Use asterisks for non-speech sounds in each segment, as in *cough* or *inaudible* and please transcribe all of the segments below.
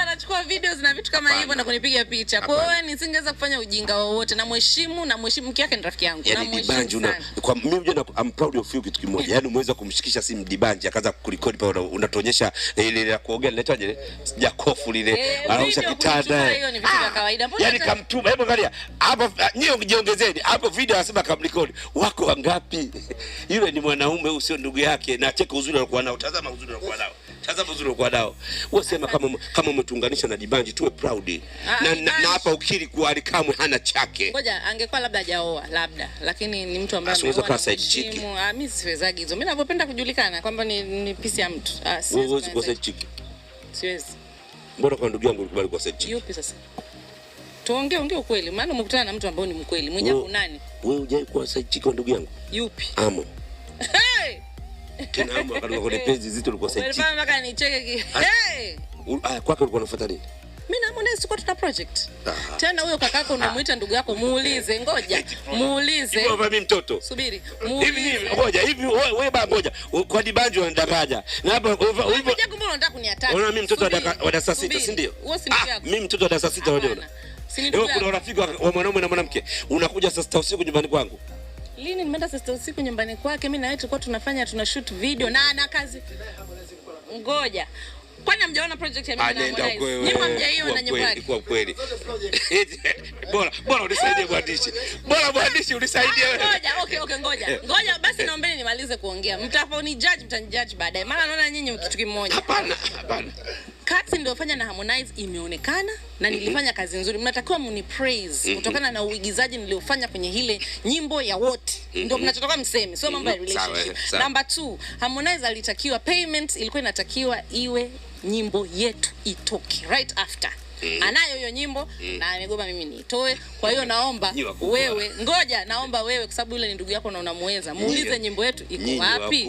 anachukua videos na vitu kama hivyo na kunipiga picha. Kwa hiyo nisingeweza kufanya ujinga wowote, na mheshimu mke yake ni rafiki yangu yaani na mheshimu. Kwa mimi unajua, I'm proud of you kitu kimoja, yani umeweza kumshikisha simu Dibanji akaanza kurekodi pale, unatuonyesha eh, ile ya kuoga linaitwaje, jakofu lile, eh, anaosha kitanda. Hiyo ni vitu vya ah! kawaida, yani kamtuma. Hebu angalia hapo, ah, nyewe ungejiongezeni hapo, video anasema kamrekodi. Wako wangapi? *laughs* Yule ni mwanaume, huyu ndugu yake, na cheka uzuri alikuwa nao, tazama uzuri alikuwa nao tazama uzuri kwa dao. Wewe sema kama kama umetuunganisha na Dibanji tuwe proud. Ah, na ah, na ah. hapa ukiri kuwa alikamwe hana chake. Ngoja angekuwa labda hajaoa labda, lakini ni mtu ambaye anaweza kuwa side chick. Mimi siwezagi hizo. Mimi ninavyopenda kujulikana kwamba ni, ni pisi ya mtu. Ah, siwezi. Wewe kwa side chick. Siwezi. Mbona kwa ndugu yangu ulikubali kwa side chick? Yupi sasa? Tuongee ongee ukweli. Maana umekutana na mtu ambaye ni mkweli. Mwenye kunani? Wewe hujai kwa side chick ndugu yangu? Yupi? Amo tena hapo akatoka kwenye *laughs* page zito ulikuwa site. Mama mpaka nicheke. Ah, hey! Ah, ulikuwa unafuata nini? Mimi na Harmonize sikuwa tuna project. Aha. Tena huyo kakako unamuita ah. ndugu yako muulize, ngoja. Muulize. Hivi mimi mtoto. Subiri. Hivi ngoja, hivi wewe baba ngoja. Kwa Dibanjo unanidanganya. Na hapa ulivyo. Kumbe unataka kuniataka. Unaona mimi mtoto wa darasa 6, si ndio? Ah, mimi mtoto wa darasa 6 unajua. Kuna urafiki wa mwanaume na mwanamke. Unakuja saa 6 usiku nyumbani kwangu. Lini nimeenda sister usiku nyumbani kwake, mimi na yeye tulikuwa tunafanya tuna shoot video na ana kazi. Ngoja. Kwani hamjaona project ya mimi na Harmonize? Nyuma hamjaiona nyumbani. Kwa kweli. *laughs* Bora bora unisaidie mwandishi. Bora mwandishi unisaidie wewe. Ngoja, okay okay, ngoja. Eh. Ngoja basi naombeni nimalize kuongea. Mtafauni judge mtanijudge baadaye. Maana naona nyinyi kitu kimoja. Hapana, hapana kati niliyofanya na Harmonize imeonekana na mhm. nilifanya kazi nzuri, mnatakiwa mni praise mhm. kutokana na uigizaji niliyofanya kwenye hile nyimbo ya wote, mhm. ndio mnachotoka mseme, sio mambo ya relationship. Number 2, Harmonize alitakiwa payment ilikuwa inatakiwa iwe nyimbo yetu itoke right after eh, anayo hiyo nyimbo eh, na amegoma mimi niitoe. Kwa hiyo naomba wewe, ngoja, naomba wewe, kwa sababu yule ni ndugu yako na unamuweza, muulize nyimbo yetu iko wapi.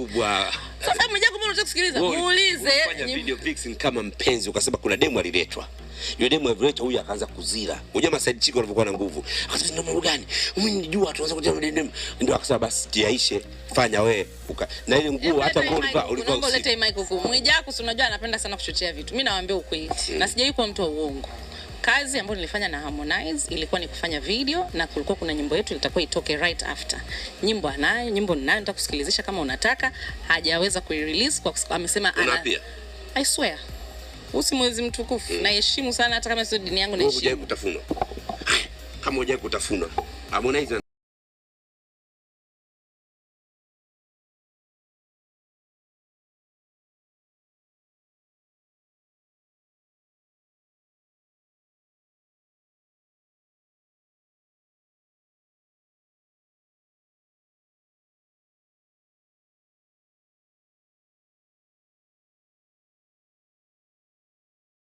Sasa mmoja kwa mmoja unataka kusikiliza, muulize. Video fixing kama mpenzi ukasema kuna demu aliletwa yule demu Everett huyu akaanza kuzira. Unajua Masaid Chiko alivyokuwa na nguvu, akasema ndio mambo gani mimi nijua, tunaanza kujua na demu, ndio akasema basi tiaishe, fanya we uka na ile nguo, hata nguo ulipa ulipa Leta mic huko Mwijaku, si unajua anapenda sana kuchochea vitu. Mimi nawaambia ukweli mm. na sijai kuwa mtu wa uongo kazi ambayo nilifanya na Harmonize ilikuwa ni kufanya video na kulikuwa kuna nyimbo yetu itakuwa itoke right after. Nyimbo anayo, nyimbo ninayo, nitakusikilizisha kama unataka. Hajaweza kuirelease kwa amesema ana I swear Usi mwezi mtukufu mm. Naheshimu sana hata kama sio dini yangu naheshimu. hujai kutafunwa. Kama hujai kutafunwa Harmonize